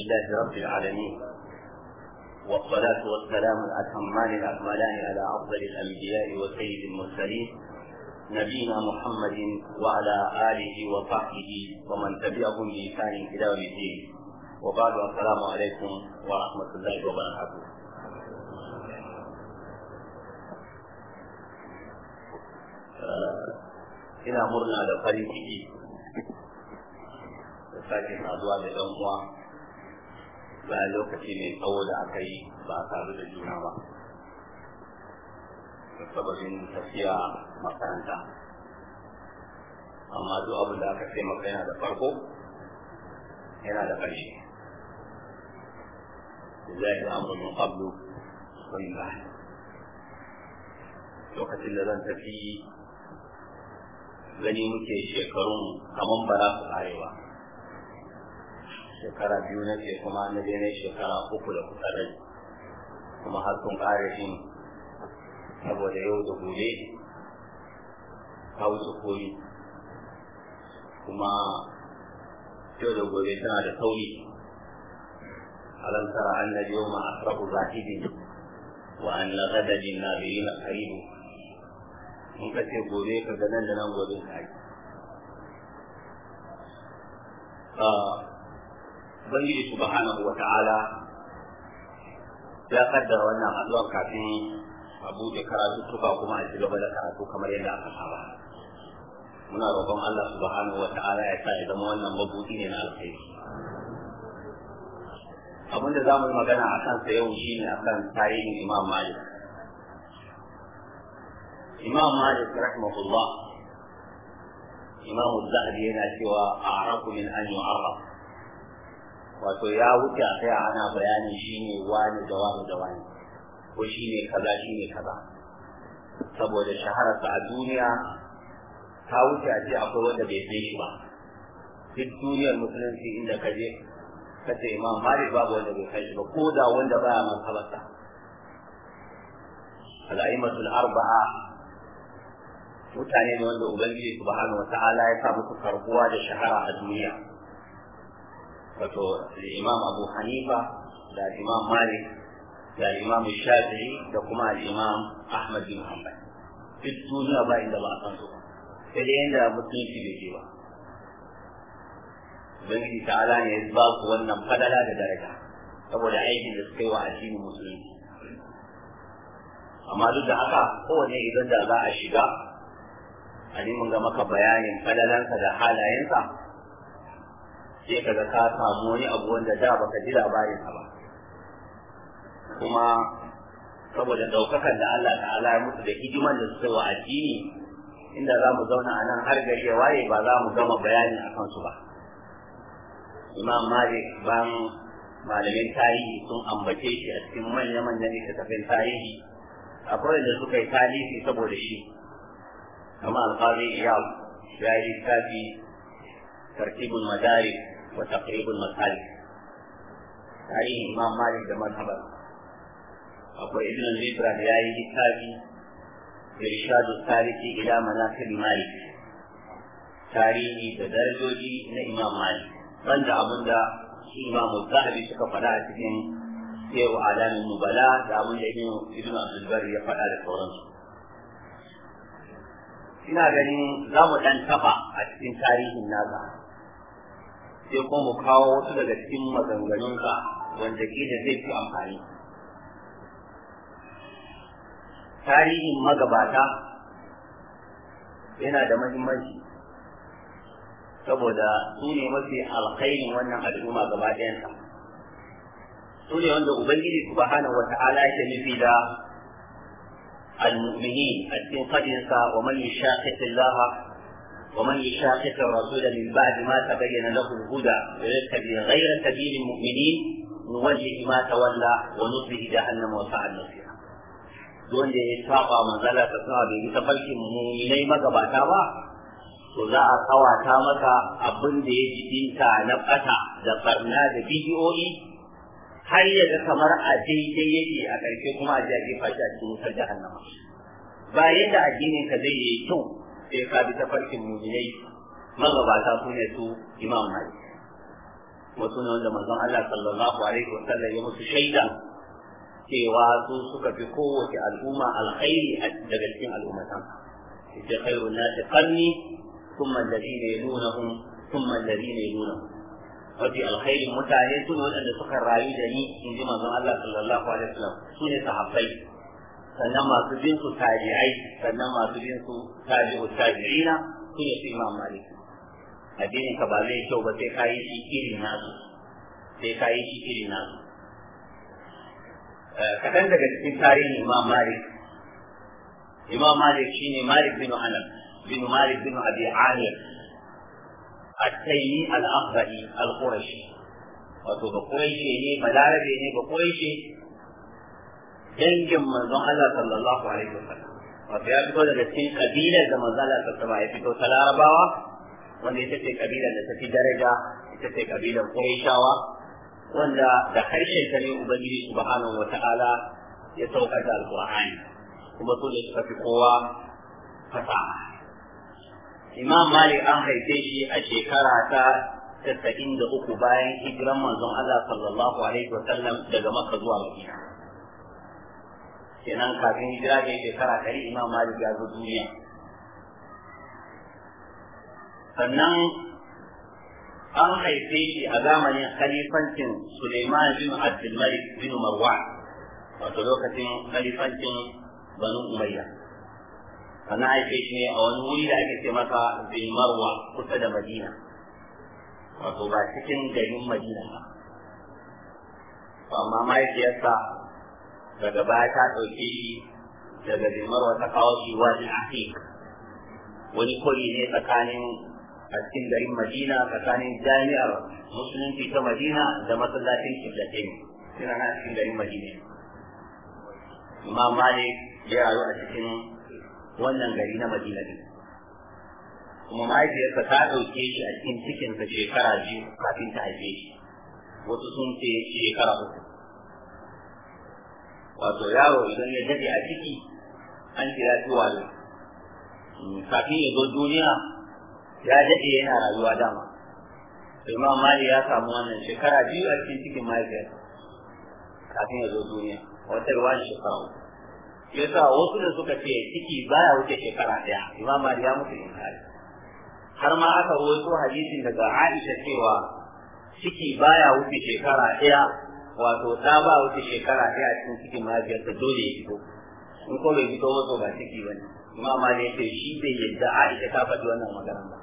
لله رب العالمين والصلاة والسلام الأتمان الأكملان على أفضل الأنبياء وسيد المرسلين نبينا محمد وعلى آله وصحبه ومن تبعهم بإحسان إلى يوم الدين وبعد السلام عليكم ورحمة الله وبركاته ina murna da farin ciki da sake saduwa da 'yan uwa bayan lokaci ne tsawo da aka yi ba a da juna ba sababin tafiya makaranta amma duk abin da aka ce maka yana da farko yana da ƙarshe zai yi amur min qablu sun ba lokacin da zan tafi gani muke shekarun kamar ba za su arewa. shekara biyu na ce kuma na nai shekara uku da kusa rai kuma har sun ƙara shi saboda yau da gobe su koyi kuma yau da gobe tana da sauri na tara ma a asrahu zahidi wa an na biyu na karibu in ka ce gobe ka ga nan da nan gobe ka yi ah, ubangiji subhanahu wa ta'ala ya kaddara wannan haduwa kafin a buɗe karatu tuka kuma a shiga da karatu kamar yadda aka saba muna roƙon Allah subhanahu wa ta'ala ya sa ya zama wannan mabuɗi ne na alkhairi abin da zamu yi magana a kan sa yau shine kan tarihin Imam Malik Imam Malik rahimahullah Imam Zahabi yana cewa a'rafu min an yu'arraf wato ya wuce a tsaya ana bayanin shi ne wani da wani da wani ko shi ne kaza shi ne kaza saboda shahararsa a duniya ta wuce a ce akwai wanda bai san shi ba duk duniyar musulunci inda ka je ka ce imam mari babu wanda bai san shi ba ko da wanda baya masabarsa al'aimatul arba'a mutane ne wanda ubangiji subhanahu wa ta'ala ya sa musu karbuwa da shahara a duniya wato imam abu hanifa da imam malik da imam shafi'i da kuma imam ahmad bin hanbal duk duniya ba inda ba a san su sai dai inda mutunci bai je ba ubangiji ta'ala ne ya ba ku wannan fadala da daraja saboda aikin da suka yi wa addini musulunci amma duk da haka kowane idan da za a shiga a mun ga maka bayanin falalansa da halayensa sai kaga ka samu wani abu wanda da baka ji labarin ba kuma saboda daukakan da Allah ta'ala ya mutu da hidiman da suka wa addini inda za mu zauna a nan har gari ya waye ba za mu gama bayani a kansu ba imam malik ban malamin tarihi sun ambace shi a cikin manya-manyan littattafin tarihi akwai da suka yi tarihi saboda shi kama alƙari iyal ya yi littafi tartibul madarik wa taqribul masalik tarihin imam malik da mazhabar akwai ibn al-libra da yayi littafi irshadu tariki ila manaqib malik tarihi da darajoji na imam malik banda abinda shi imam zahabi suka faɗa a cikin yau alamin Bala da abinda ibn abdul bari ya faɗa da sauransu ina ganin za mu ɗan taɓa a cikin tarihin nasa sai kuma mu kawo wasu daga cikin maganganunka wanda da zai fi amfani tarihin magabata yana da mahimmanci saboda su ne mafi alkhairin wannan al'umma gaba ɗayansa su ne wanda ubangiji bahana wata ala ya nufi da al mumini a cikin fadinsa wa man yushaqiqi ومن يشاقق الرسول من بعد ما تبين له الهدى ويتبع غير سبيل المؤمنين نوجه ما تولى ونصله جهنم وساءت مصيرا wanda ya saba manzala ta sama bai bi tafarkin muminai magabata ba to za a kawata maka abinda da ya jibinta na bata da barna da bidiyoyi har ya kamar a daidai yake a ƙarshe kuma a jaje fashi a cikin wutar ba yadda ka zai yi kyau sai ka bi tafarkin mujinai magabata su ne su imam malik wasu ne wanda manzon Allah sallallahu alaihi wa sallam ya musu shaida cewa su suka fi kowace al'umma alkhairi daga cikin al'ummatan ita khairu nasi qarni thumma alladhina yalunahum thumma alladhina yalunahum mafi alkhairin mutane su waɗanda suka rayu da ni in ji manzon Allah sallallahu alaihi wa su sannan masu bin su tabi'ai sannan masu bin su tabi'u tabi'ina su ne su imam malik addinin ka ba zai kyau ba sai ka yi shi irin nasu sai ka yi shi irin nasu eh, kaɗan daga cikin tarihin imam malik imam malik shine malik bin anas bin malik bin abi amir التيمي الأخضري القرشي wato ba kuwaishe ne ba ne ba kuwaishe dangin manzon Allah sallallahu alaihi wasallam wato ya fito daga cikin kabilar da manzon Allah sallallahu alaihi ya fito ta Larabawa wanda ita ce kabilar da ta fi daraja ita ce kabilar Qurayshawa wanda da harshen ta ne Ubangiji subhanahu wata'ala ya saukar da Alƙur'ani kuma su ne suka fi kowa fasaha Imam Malik an haife shi a shekara ta tasa'in da uku bayan hijiran manzon Allah sallallahu alaihi wasallam daga Makka zuwa Madina kenan kafin hijira da kara kari imam malik ya zo duniya sannan an haife shi a zamanin halifancin suleiman bin abdulmalik bin marwan wato lokacin khalifancin banu umayya sannan haife shi ne a wani wuri da ake ce masa bin marwa kusa da madina wato ba cikin garin madina ba amma mahaifiyarsa daga baya ta ɗauke shi daga zimarwa wata kawo shi wani wani kori ne tsakanin a cikin garin madina tsakanin jami'ar musulunci ta madina da masallacin kiblatin suna na cikin garin madina imam malik ya rayu a cikin wannan gari na madina ne kuma mahaifiyarsa ta ɗauke shi a cikin cikinsa shekara biyu kafin ta haife shi wasu sun ce shekara uku wato yaro idan ya daɗe a ciki an kira shi wayo kafin ya zo duniya ya daɗe yana rayuwa dama imam mali ya samu wannan shekara biyu a cikin cikin mahaifiyar kafin ya zo duniya wata ruwa shekara uku ya sa wasu da suka ce ciki baya wuce shekara ɗaya imam mali ya mutu in kare. har ma aka rawaito hadisin daga aisha cewa ciki baya wuce shekara ɗaya wato ta ba wuce shekara ɗaya a cikin cikin mahaifiyarsa dole ya fito in ko bai fito maso ba ciki ba ne amma ma ne ce shi bai yadda a ita ta faɗi wannan magana ba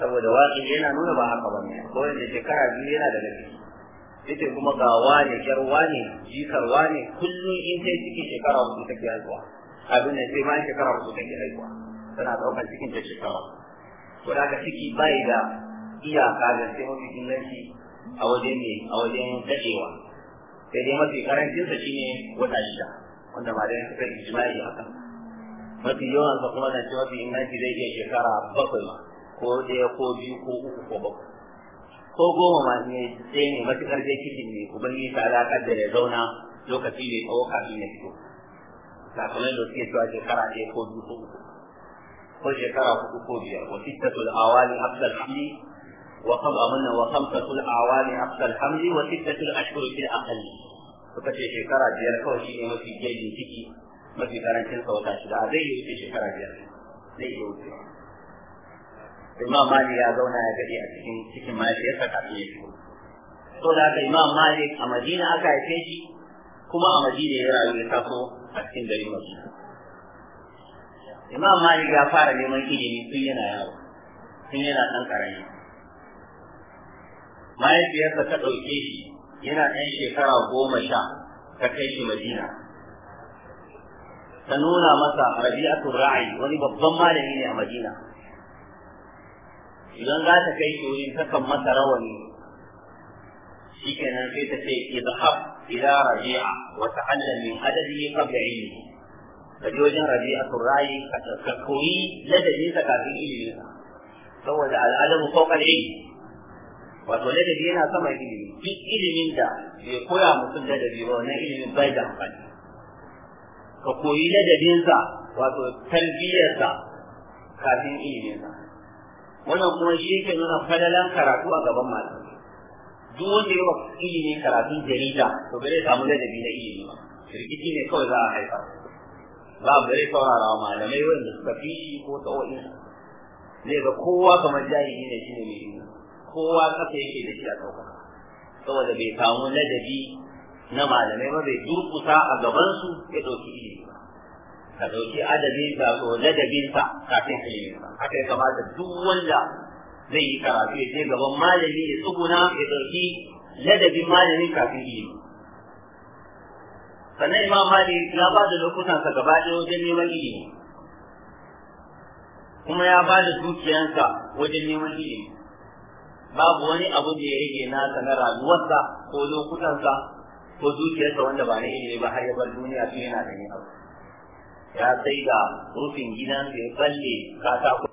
saboda waƙi yana nuna ba haka ba ne ko wanda shekara biyu yana da gaske Ita kuma ga wane yar wane jikar wane kullum in sai cikin shekara hudu take haihuwa abin da sai bayan shekara hudu take haihuwa tana ɗaukar cikin ta shekara ko da ka ciki bai da iyaka da sai mafi inganci a wajen ne a wajen kashewa sai dai mafi karancinsa shine wata shida wanda ma dai suka ijma'i akan mafi yawan sa kuma na ce mafi inganci zai iya shekara bakwai ma ko ɗaya ko biyu ko uku ko bakwai ko goma ma ne sai ne matuƙar dai kishin ne ubangiji ta da kaddara zauna lokaci mai tsawo kafin ya fito sakamakon da suke cewa shekara ɗaya ko biyu ko uku ko shekara hudu ko biyar wa sittatul awali afdal fili. وخم أمنا وخمسة الأعوام أقصى الحمل وستة الأشهر في الأقل فكتش شكرا بيار كوشي ما في جيد تكي ما في كارنتين صوتا شدا زي يوتي شكرا بيار زي يوتي إمام مالي يا زونا يا كدي أكسين سكي مالي يسكا في يشكو so da haka imam malik a madina aka haife shi kuma a madina ya rayu ya taso a cikin garin madina imam malik ya fara neman ilimi tun yana yaro tun yana ɗan ƙarami mahaifiyarsa ta ɗauke shi yana ɗan shekara goma sha ta kai shi madina ta nuna masa rabi'atul ra'ayi wani babban malami ne a madina idan za ta kai shi wurin takan masa rawani shikenan sai ta ce izhab ila rabi'a wa ta'allam min adadihi qabla ilmihi ka je wajen rabi'atul ra'ayi ka koyi ladabi ta kafin ilimin saboda al'adamu fawqa al-ilm wato ladabi yana sama ilimi duk ilimin da bai koya mutum ladabi ba wannan ilimin bai da amfani ka koyi ladabinsa wato tarbiyarsa kafin iliminsa wannan kuma shi yake nuna fadalan karatu a gaban mata duk wanda ya ilimin karatun jarida to bai samu ladabi na ilimi ba Rikici ne kawai za a haifa ba a bare saurara wa malamai wanda suka fi shi ko sa'o'in zai ga kowa kamar jahili ne shi ne mai ilimi kowa kafa yake da shi a ɗauka saboda bai samu ladabi na malamai ba bai durkusa a gabansu ya ɗauki ilimi ba ka ɗauki adabinsa ko ladabinsa kafin ba. haka ya kamata duk wanda zai yi karatu ya je gaban malami ya tsuguna ya ɗauki ladabin malamin kafin ilimi sannan imam mali ya ba da lokutansa gaba ɗaya wajen neman ilimi kuma ya ba da dukiyansa wajen neman ilimi babu wani abu da ya rage nasa na rayuwarsa ko lokutansa ko zuciyarsa wanda ba na ilimi ba har ya bar duniya tun yana da ni abu ya sai da rufin gidan ya tsalle katako